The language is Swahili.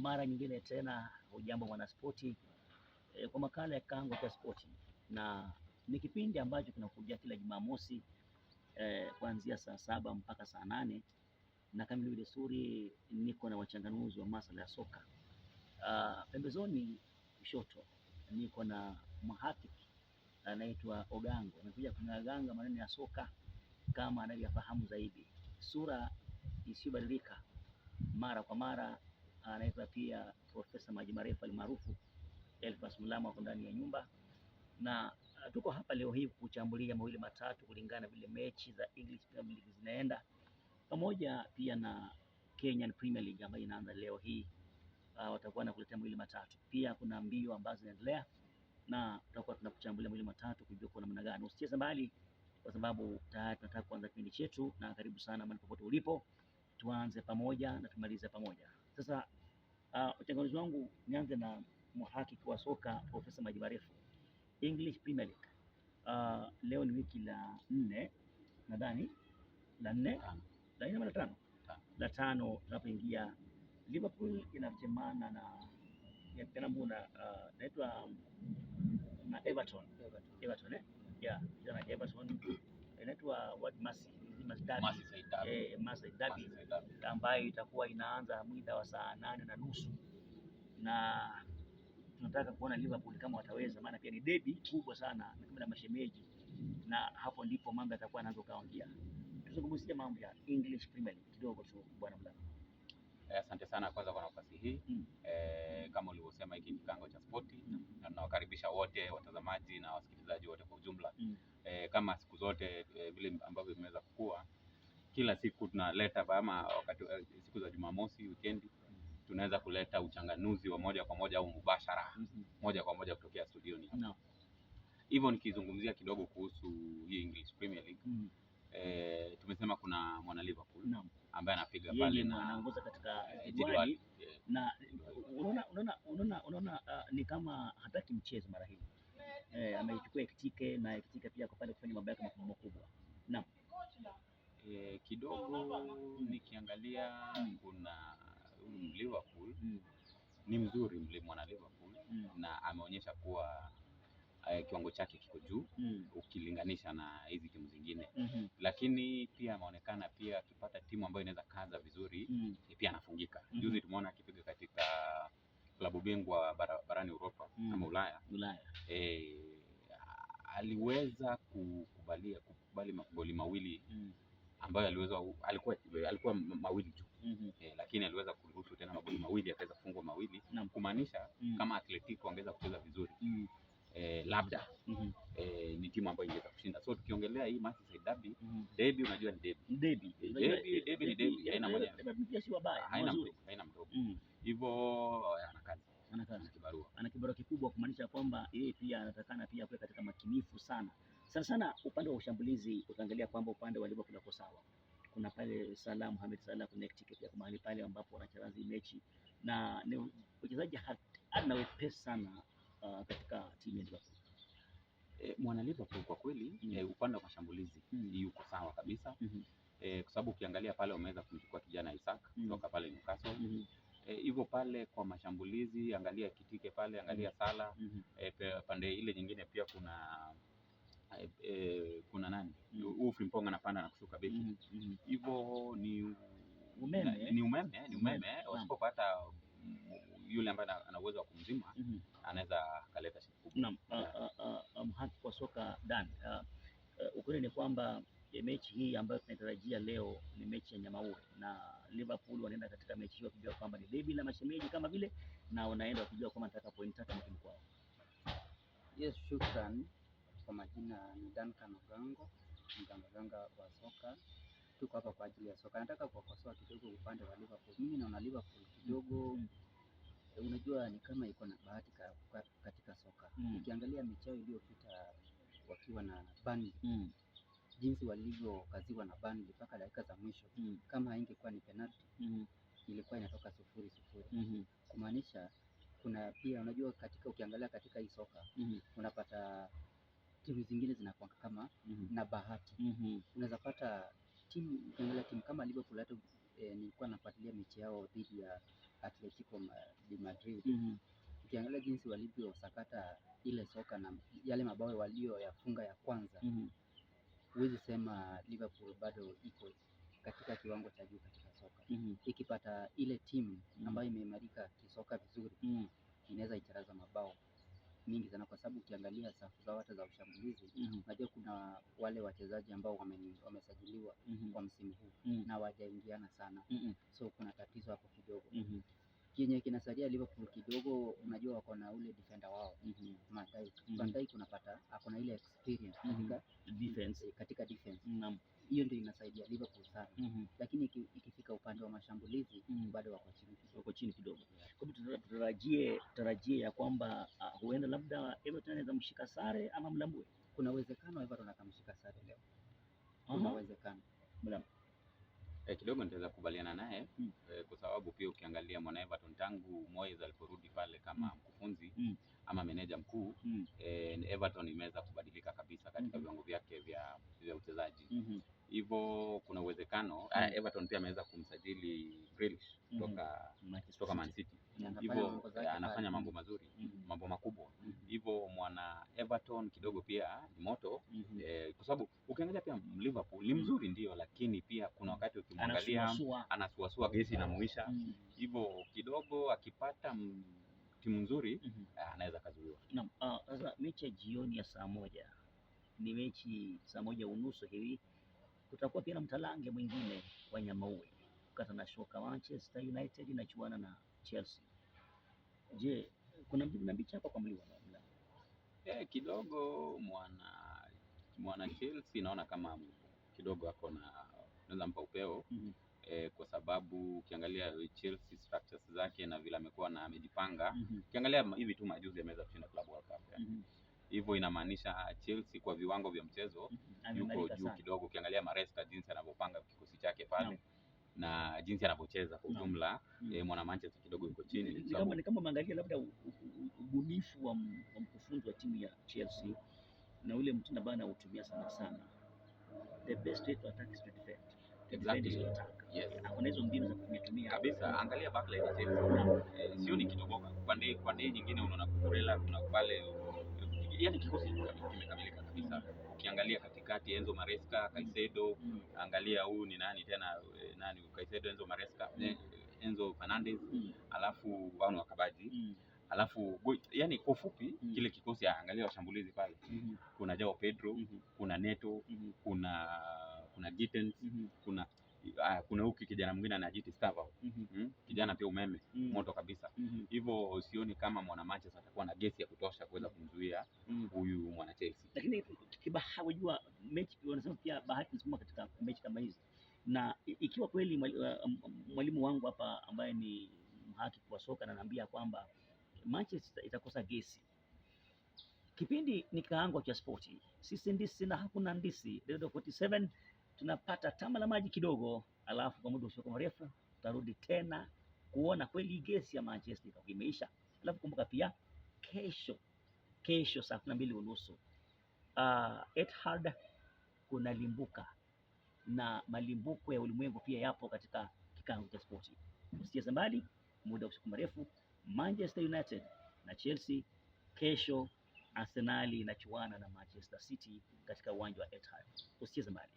mara nyingine tena, hujambo mwanaspoti e, kwa makala ya Kango cha Spoti, na ni kipindi ambacho kinakuja kila Jumamosi e, kuanzia saa saba mpaka saa nane na kama ilivyo desturi, niko na wachanganuzi wa masuala ya soka ah, pembezoni. Kushoto niko na mhakiki anaitwa Ogango, amekuja kunaganga maneno ya soka kama anavyofahamu zaidi, sura isiyobadilika mara kwa mara anaitwa pia Profesa Maji Marefu almaarufu Elphas Mlamo wako ndani ya nyumba, na uh, tuko hapa leo hii kuchambulia mawili matatu kulingana vile mechi za English Premier League zinaenda, pamoja pia na Kenyan Premier League ambayo inaanza leo hii. Uh, watakuwa na kuletea mawili matatu, pia kuna mbio ambazo zinaendelea na tutakuwa tunakuchambulia mawili matatu kujua kwa namna gani. Usicheze mbali, kwa sababu tayari tunataka kuanza kipindi chetu, na karibu sana mahali popote ulipo, tuanze pamoja na tumalize pamoja. Sasa Ah, Uchanganuzi wangu nianze na mhakiki wa soka Profesa Maji Marefu, English Premier League. Uh, leo ni wiki la nne nadhani, la nne la nne la tano la tano tunapoingia, Liverpool inachemana na uh, naitwa na Everton Everton, eh yeah, na Everton inaitwa Wad Dabi eh, ambayo itakuwa inaanza muda wa saa nane na nusu na tunataka kuona Liverpool kama wataweza, maana pia ni debi kubwa sana na mashemeji, na hapo ndipo mambo yatakuwa yanaanza kaongia. Tuzungumzie mambo ya English Premier League kidogo tu, bwana Mlaka. Eh, asante sana kwanza kwa nafasi hii mm. Eh, kama ulivyosema hiki ni kikango cha spoti mm. Na tunawakaribisha wote watazamaji na wasikilizaji wote kwa ujumla kama siku zote eh, vile ambavyo vimeweza kukua, kila siku tunaleta ama wakati eh, siku za Jumamosi weekend tunaweza kuleta uchanganuzi wa moja kwa moja au mubashara mm-hmm. moja kwa moja kutokea studioni no. Hivyo nikizungumzia kidogo kuhusu hii English Premier League mm E, tumesema kuna mwana Liverpool no. ambaye anapiga pale na anaongoza katika jedwali na unaona unaona unaona ah, ni kama hataki mchezo mara hii eh, ameichukua Ekitike na Ekitike pia akapanda kufanya mambo yake makubwa makubwa. Naam. E, kidogo nikiangalia hmm. kuna mm. Liverpool mm. ni mzuri mlimwa na Liverpool mm. na ameonyesha kuwa eh, kiwango chake kiko juu mm. ukilinganisha na hizi timu zingine mm -hmm. lakini pia ameonekana pia akipata timu ambayo inaweza kaza vizuri mm. pia anafungika mm -hmm. Juzi tumeona akipiga katika klabu bingwa bara, barani Europa mm. ama Ulaya, Ulaya. Eh, aliweza kukubalia kukubali magoli mawili mm. ambayo aliweza alikuwa alikuwa mawili tu mm -hmm. eh, lakini aliweza kuruhusu tena magoli mawili akaweza kufungwa mawili na kumaanisha mm. kama Atletico angeweza kucheza vizuri mm. e, labda mm -hmm. e, ni timu ambayo ingeweza kushinda. So tukiongelea hii Merseyside derby mm -hmm. derby, unajua ni derby derby eh, derby ni derby, haina moja, haina kibarua kikubwa, kumaanisha kwamba yeye pia anatakana pia kuwa katika makinifu sana sana sana upande wa ushambulizi. Utaangalia kwamba upande wa Liverpool kuna sawa, kuna pale Salah Mohamed Salah connect pia kwa mahali pale ambapo wanacharazi mechi na ni mchezaji ana wepesi sana uh, katika timu ya Liverpool. E, mwana Liverpool kwa kweli mm. E, upande wa mashambulizi mm. yuko sawa kabisa mm -hmm. E, kwa sababu ukiangalia pale wameweza kumchukua kijana Isaac mm. kutoka mm. pale Newcastle mm -hmm hivyo eh, pale kwa mashambulizi, angalia Kitike pale, angalia mm-hmm. Sala mm -hmm. e, pande ile nyingine pia kuna e, e, kuna nani huyu mm-hmm. Frimpong anapanda na kushuka beki hivyo mm -hmm. ni umeme ni umeme ni umeme wasipopata mm, yule ambaye ana uwezo wa kumzima mm -hmm. anaweza kaleta shida kubwa. Naam, uh, uh, uh, haki kwa soka Dan, ukweli ni kwamba mechi hii ambayo tunatarajia leo ni mechi ya Nyamaue na Liverpool wanaenda katika mechi hiyo wakijua kwamba ni debi la mashemeji kama vile, na wanaenda wakijua kwamba nataka point tatu mkimu kwao. Yes, shukran. Kwa majina ni Duncan Ogango, mtangazaji wa soka. Tuko hapa kwa ajili ya soka. Nataka kuwakosoa kidogo upande wa Liverpool. Mimi naona Liverpool kidogo eh, unajua ni kama iko na bahati katika soka. Mm. Ukiangalia michao iliyopita wakiwa na Burnley mm jinsi walivyokaziwa na Burnley mpaka dakika za mwisho mm. kama haingekuwa ni penalty mm. ilikuwa inatoka sufuri sufuri mm -hmm. kumaanisha kuna pia unajua, katika ukiangalia katika hii soka mm -hmm. unapata timu zingine zinakuwa kama mm -hmm. na bahati mm -hmm. unaweza pata timu, ukiangalia timu kama Liverpool hata eh, e, nilikuwa nafuatilia mechi yao dhidi ya Atletico de Madrid mm -hmm. ukiangalia jinsi walivyosakata ile soka na yale mabao walioyafunga ya kwanza mm -hmm huwezi sema Liverpool bado iko katika kiwango cha juu katika soka mm -hmm. Ikipata ile timu ambayo mhm. imeimarika kisoka vizuri mm -hmm. inaweza icharaza mabao mingi sana, kwa sababu ukiangalia safu zao hata za ushambulizi mm -hmm. unajua kuna wale wachezaji ambao wamesajiliwa mm -hmm. kwa msimu huu mm -hmm. na wajaingiana sana mm -hmm. so kuna tatizo hapo kidogo mm -hmm. Kienye kinasaidia Liverpool kidogo, unajua wako na ule defender wao mm -hmm. Van Dijk unapata ako na ile experience mhm. katika defense katika defense naam, hiyo ndio inasaidia Liverpool sana mhm. Lakini ikifika upande wa mashambulizi mhm. bado wako chini wako chini kidogo, kwa hivyo tutarajie tarajie ya kwamba ah, huenda labda Everton anaweza mshika sare ama mlambue. Kuna uwezekano Everton akamshika sare leo, kuna uwezekano eh, kidogo nitaweza kukubaliana naye mm. eh, kwa sababu pia ukiangalia mwana Everton tangu Moyes aliporudi pale kama mm. mkufunzi mm. ama meneja mkuu mm. eh, Everton imeweza kubadilika kabisa katika mm viwango vyake vya, vya uchezaji hivyo mm -hmm. kuna uwezekano mm. ah, Everton pia ameweza kumsajili Grealish hmm. kutoka mm -hmm. kutoka Man City hivyo anafanya mambo mazuri mm -hmm. mambo makubwa hivyo mm -hmm. mwana Everton kidogo pia hapo ni mm. mzuri ndio, lakini pia kuna wakati ukimwangalia anasuasua, gesi inamuisha mm. Hivyo kidogo akipata timu nzuri mm -hmm. anaweza kazuiwa. Naam, ah, sasa uh, mechi ya jioni ya saa moja ni mechi saa moja unusu hivi, kutakuwa pia na mtalange mwingine wa uwe kata na shoka Manchester United inachuana na Chelsea. Je, kuna mbivu na mbichi hapa kwa mliwa yeah, kidogo mwana mwana Chelsea naona kama kidogo ako na unaweza mpa upeo mm -hmm. E, kwa sababu ukiangalia Chelsea structures zake na vile amekuwa na amejipanga mm -hmm. ukiangalia hivi tu majuzi ameweza kushinda Club World Cup yani. Eh. mm -hmm hivyo inamaanisha ah, Chelsea kwa viwango vya mchezo mhm. yuko juu kidogo. Ukiangalia Maresca jinsi anavyopanga kikosi chake pale no. na jinsi anavyocheza kwa ujumla no. mm. E, eh, mwana Manchester kidogo yuko chini. Ni kama ni kama umeangalia labda ubunifu wa mkufunzi wa timu ya Chelsea na ule mtindo ambao anautumia sana sana the best way to attack is to defend. Angalia Sio ni kitoboka. Pande nyingine unaona kuna pale kikosi kimekamilika kabisa. Ukiangalia katikati Enzo Maresca, Caicedo, mm. angalia huyu ni nani tena eh, nani Caicedo, Enzo Maresca, mm. eh, Enzo Fernandez, mm. alafu Wanu Wakabaji. Mm alafu yani kwa ufupi mm. kile kikosi aangalia ah, washambulizi pale mm -hmm. kuna Jao Pedro mm -hmm. kuna Neto mm -hmm. kuna kuna Gittens mm -hmm. kuna uh, kuna huki kijana mwingine anajiti Stava mm mm-hmm. -hmm. mm? kijana pia umeme mm -hmm. moto kabisa mm-hmm. hivyo mm -hmm. sioni kama mwana Manchester atakuwa na gesi ya kutosha kuweza mm-hmm. kumzuia huyu mm -hmm. mwana Chelsea, lakini kibaha wajua mechi wanasema pia bahati nzuri katika mechi kama hizi, na ikiwa kweli uh, mwalimu wangu hapa ambaye ni mhakiki wa soka naambia kwamba Manchester itakosa gesi. Kipindi ni Kaangwa cha Spoti, sisi ndisi na hakuna ndisi, Dedo 47 tunapata tama la maji kidogo, alafu kwa muda usio mrefu tutarudi tena kuona kweli gesi ya Manchester imeisha. Alafu kumbuka pia kesho, kesho saa kumi na mbili unusu uh, Etihad kuna limbuka na malimbuko ya ulimwengu pia yapo katika kikao cha spoti. Usicheze mbali, muda usiku mrefu. Manchester United na Chelsea. Kesho Arsenali inachuana na Manchester City katika uwanja wa Etihad. Usicheze mbali.